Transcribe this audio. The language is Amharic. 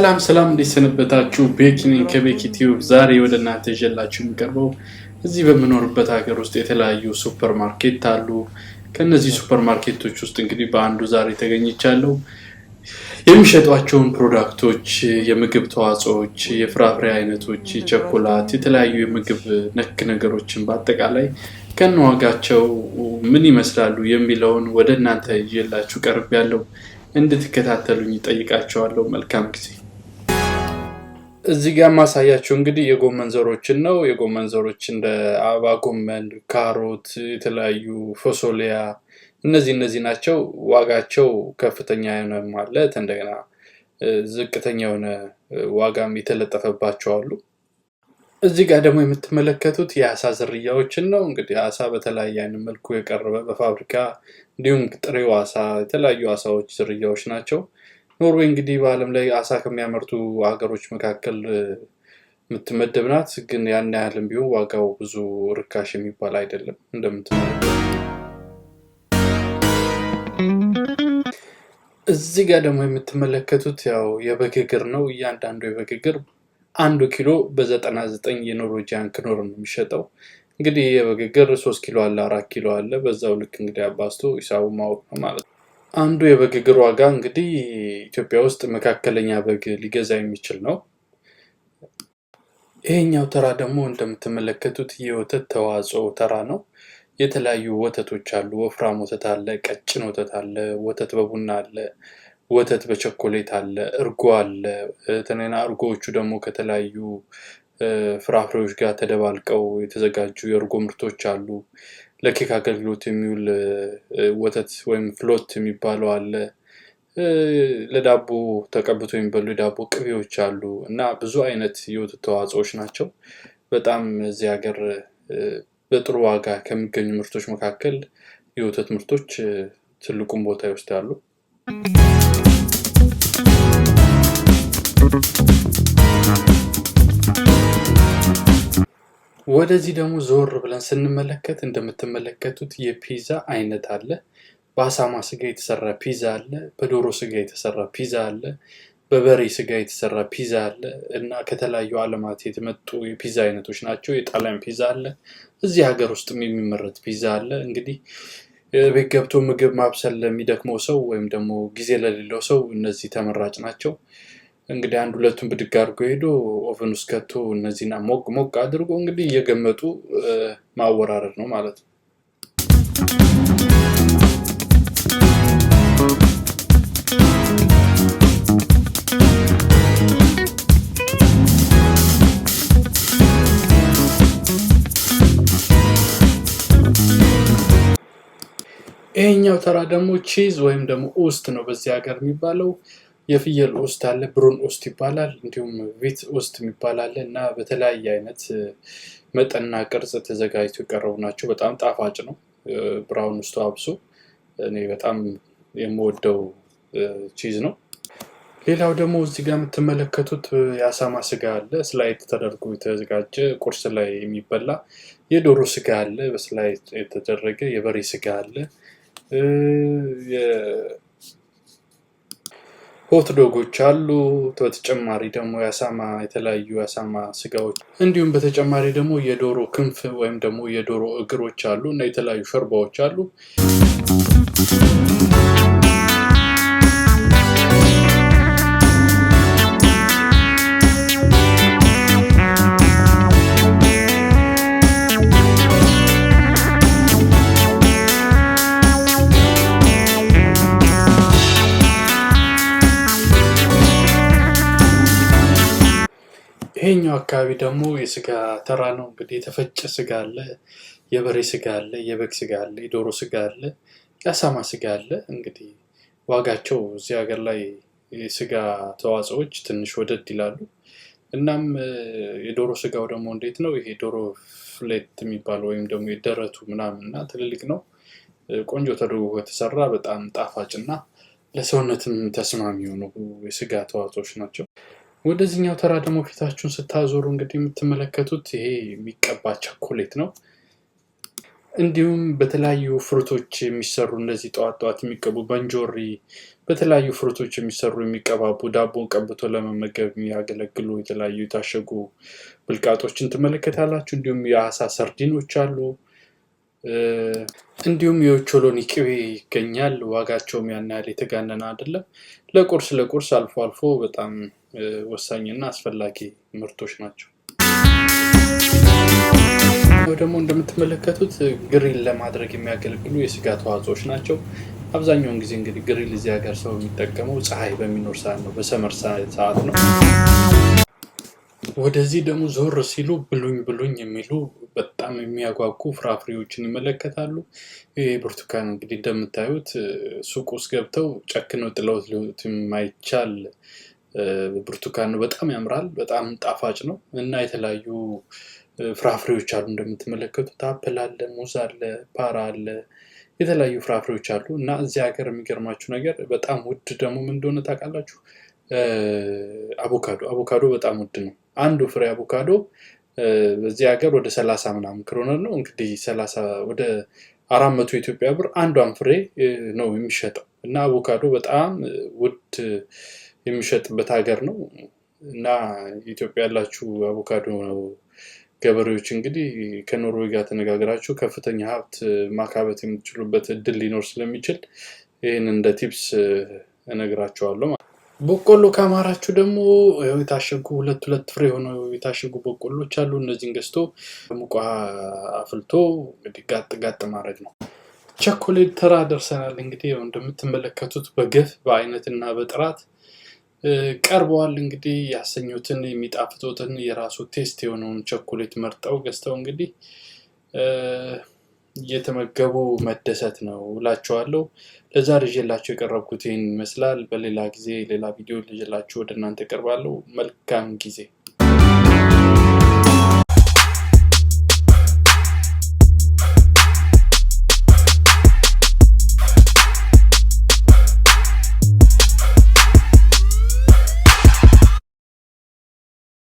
ሰላም ሰላም፣ እንዴት ሰነበታችሁ? ቤኪ ነኝ ከቤኪ ቲዩብ። ዛሬ ወደ እናንተ ይዤላችሁ የሚቀርበው እዚህ በምኖርበት ሀገር ውስጥ የተለያዩ ሱፐር ማርኬት አሉ። ከእነዚህ ሱፐር ማርኬቶች ውስጥ እንግዲህ በአንዱ ዛሬ ተገኝቻለሁ። የሚሸጧቸውን ፕሮዳክቶች፣ የምግብ ተዋጽዎች የፍራፍሬ አይነቶች፣ የቸኮላት፣ የተለያዩ የምግብ ነክ ነገሮችን በአጠቃላይ ከነዋጋቸው ምን ይመስላሉ የሚለውን ወደ እናንተ ይዤላችሁ ቀርብ ያለው እንድትከታተሉኝ ይጠይቃቸዋለሁ። መልካም ጊዜ እዚህ ጋር ማሳያቸው እንግዲህ የጎመን ዘሮችን ነው። የጎመን ዘሮች እንደ አበባ ጎመን፣ ካሮት፣ የተለያዩ ፎሶሊያ እነዚህ እነዚህ ናቸው። ዋጋቸው ከፍተኛ የሆነ ማለት እንደገና ዝቅተኛ የሆነ ዋጋም የተለጠፈባቸው አሉ። እዚህ ጋር ደግሞ የምትመለከቱት የአሳ ዝርያዎችን ነው። እንግዲህ አሳ በተለያየ አይነት መልኩ የቀረበ በፋብሪካ እንዲሁም ጥሬው አሳ የተለያዩ አሳዎች ዝርያዎች ናቸው። ኖርዌይ እንግዲህ በአለም ላይ አሳ ከሚያመርቱ ሀገሮች መካከል የምትመደብ ናት። ግን ያን ያህልም ቢሆን ዋጋው ብዙ ርካሽ የሚባል አይደለም እንደምትመለከ እዚህ ጋር ደግሞ የምትመለከቱት ያው የበግግር ነው። እያንዳንዱ የበግግር አንዱ ኪሎ በዘጠና ዘጠኝ የኖሮጂያን ክኖር ነው የሚሸጠው። እንግዲህ የበግግር ሶስት ኪሎ አለ፣ አራት ኪሎ አለ። በዛው ልክ እንግዲህ አባስቶ ሂሳቡ ማወቅ ነው ማለት ነው። አንዱ የበግ እግር ዋጋ እንግዲህ ኢትዮጵያ ውስጥ መካከለኛ በግ ሊገዛ የሚችል ነው። ይሄኛው ተራ ደግሞ እንደምትመለከቱት የወተት ተዋጽኦ ተራ ነው። የተለያዩ ወተቶች አሉ። ወፍራም ወተት አለ፣ ቀጭን ወተት አለ፣ ወተት በቡና አለ፣ ወተት በቸኮሌት አለ፣ እርጎ አለ። ተነና እርጎዎቹ ደግሞ ከተለያዩ ፍራፍሬዎች ጋር ተደባልቀው የተዘጋጁ የእርጎ ምርቶች አሉ። ለኬክ አገልግሎት የሚውል ወተት ወይም ፍሎት የሚባለው አለ። ለዳቦ ተቀብቶ የሚበሉ የዳቦ ቅቤዎች አሉ እና ብዙ አይነት የወተት ተዋጽኦዎች ናቸው። በጣም እዚህ ሀገር በጥሩ ዋጋ ከሚገኙ ምርቶች መካከል የወተት ምርቶች ትልቁን ቦታ ይወስዳሉ። ወደዚህ ደግሞ ዞር ብለን ስንመለከት እንደምትመለከቱት የፒዛ አይነት አለ። በአሳማ ስጋ የተሰራ ፒዛ አለ። በዶሮ ስጋ የተሰራ ፒዛ አለ። በበሬ ስጋ የተሰራ ፒዛ አለ እና ከተለያዩ ዓለማት የተመጡ የፒዛ አይነቶች ናቸው። የጣሊያን ፒዛ አለ። እዚህ ሀገር ውስጥም የሚመረት ፒዛ አለ። እንግዲህ ቤት ገብቶ ምግብ ማብሰል ለሚደክመው ሰው ወይም ደግሞ ጊዜ ለሌለው ሰው እነዚህ ተመራጭ ናቸው። እንግዲህ አንድ ሁለቱን ብድግ አድርጎ ሄዶ ኦቨን ውስጥ ከቶ እነዚህና ሞቅ ሞቅ አድርጎ እንግዲህ እየገመጡ ማወራረድ ነው ማለት ነው። ይሄኛው ተራ ደግሞ ቺዝ ወይም ደግሞ ኦስት ነው በዚህ ሀገር የሚባለው። የፍየል ኦስት አለ፣ ብሮን ኦስት ይባላል። እንዲሁም ቪት ኦስት የሚባል አለ እና በተለያየ አይነት መጠንና ቅርጽ ተዘጋጅቶ የቀረቡ ናቸው። በጣም ጣፋጭ ነው። ብራውን ውስጡ አብሶ እኔ በጣም የምወደው ቺዝ ነው። ሌላው ደግሞ እዚህ ጋር የምትመለከቱት የአሳማ ስጋ አለ፣ ስላይት ተደርጎ የተዘጋጀ ቁርስ ላይ የሚበላ የዶሮ ስጋ አለ፣ በስላይት የተደረገ የበሬ ስጋ አለ። ሆት ዶጎች አሉ። በተጨማሪ ደግሞ የአሳማ የተለያዩ የአሳማ ስጋዎች እንዲሁም በተጨማሪ ደግሞ የዶሮ ክንፍ ወይም ደግሞ የዶሮ እግሮች አሉ እና የተለያዩ ሾርባዎች አሉ። ይሄኛው አካባቢ ደግሞ የስጋ ተራ ነው። እንግዲህ የተፈጨ ስጋ አለ፣ የበሬ ስጋ አለ፣ የበግ ስጋ አለ፣ የዶሮ ስጋ አለ፣ የአሳማ ስጋ አለ። እንግዲህ ዋጋቸው እዚህ ሀገር ላይ የስጋ ተዋጽኦች ትንሽ ወደድ ይላሉ። እናም የዶሮ ስጋው ደግሞ እንዴት ነው? ይሄ ዶሮ ፍሌት የሚባለው ወይም ደግሞ የደረቱ ምናምን እና ትልልቅ ነው። ቆንጆ ተደርጎ የተሰራ በጣም ጣፋጭ እና ለሰውነትም ተስማሚ የሆኑ የስጋ ተዋጽኦች ናቸው። ወደዚህኛው ተራ ደግሞ ፊታችሁን ስታዞሩ እንግዲህ የምትመለከቱት ይሄ የሚቀባ ቸኮሌት ነው። እንዲሁም በተለያዩ ፍሩቶች የሚሰሩ እነዚህ ጠዋት ጠዋት የሚቀቡ በእንጆሪ፣ በተለያዩ ፍሩቶች የሚሰሩ የሚቀባቡ ዳቦን ቀብቶ ለመመገብ የሚያገለግሉ የተለያዩ የታሸጉ ብልቃጦችን ትመለከታላችሁ። እንዲሁም የአሳ ሰርዲኖች አሉ። እንዲሁም የኦቾሎኒ ቅቤ ይገኛል። ዋጋቸውም ያን ያህል የተጋነነ አይደለም። ለቁርስ ለቁርስ አልፎ አልፎ በጣም ወሳኝና አስፈላጊ ምርቶች ናቸው። ደግሞ እንደምትመለከቱት ግሪል ለማድረግ የሚያገለግሉ የስጋ ተዋጽኦች ናቸው። አብዛኛውን ጊዜ እንግዲህ ግሪል እዚህ ሀገር ሰው የሚጠቀመው ፀሐይ በሚኖር ሰዓት ነው፣ በሰመር ሰዓት ነው። ወደዚህ ደግሞ ዞር ሲሉ ብሉኝ ብሉኝ የሚሉ በጣም የሚያጓጉ ፍራፍሬዎችን ይመለከታሉ። ብርቱካን እንግዲህ እንደምታዩት ሱቅ ውስጥ ገብተው ጨክነው ጥለውት ሊሆኑት የማይቻል ብርቱካን ነው። በጣም ያምራል፣ በጣም ጣፋጭ ነው እና የተለያዩ ፍራፍሬዎች አሉ እንደምትመለከቱት አፕል አለ፣ ሙዝ አለ፣ ፓራ አለ፣ የተለያዩ ፍራፍሬዎች አሉ እና እዚህ ሀገር የሚገርማችሁ ነገር በጣም ውድ ደግሞ ምን እንደሆነ ታውቃላችሁ? አቮካዶ አቮካዶ በጣም ውድ ነው። አንዱ ፍሬ አቮካዶ በዚህ ሀገር ወደ ሰላሳ ምናምን ክሮነር ነው እንግዲህ ሰላሳ ወደ አራት መቶ ኢትዮጵያ ብር አንዷን ፍሬ ነው የሚሸጠው እና አቮካዶ በጣም ውድ የሚሸጥበት ሀገር ነው እና ኢትዮጵያ ያላችሁ አቮካዶ ነው ገበሬዎች እንግዲህ ከኖርዌይ ጋር ተነጋግራችሁ ከፍተኛ ሀብት ማካበት የምትችሉበት እድል ሊኖር ስለሚችል ይህን እንደ ቲፕስ እነግራቸዋለሁ በቆሎ ከአማራችሁ ደግሞ የታሸጉ ሁለት ሁለት ፍሬ የሆኑ የታሸጉ በቆሎች አሉ። እነዚህን ገዝቶ ሙቋ አፍልቶ እንግዲህ ጋጥ ጋጥ ማድረግ ነው። ቸኮሌት ተራ ደርሰናል። እንግዲህ እንደምትመለከቱት በገፍ በአይነትና በጥራት ቀርበዋል። እንግዲህ ያሰኙትን የሚጣፍጡትን የራሱ ቴስት የሆነውን ቸኮሌት መርጠው ገዝተው እንግዲህ እየተመገቡ መደሰት ነው እላችኋለሁ። ለዛሬ ይዤላችሁ የቀረብኩት ይህን ይመስላል። በሌላ ጊዜ ሌላ ቪዲዮ ይዤላችሁ ወደ እናንተ እቀርባለሁ። መልካም ጊዜ